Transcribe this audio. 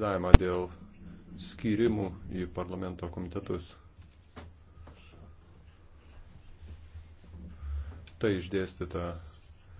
Davimą dėl skyrimų į parlamento komitetus. Tai išdėstyta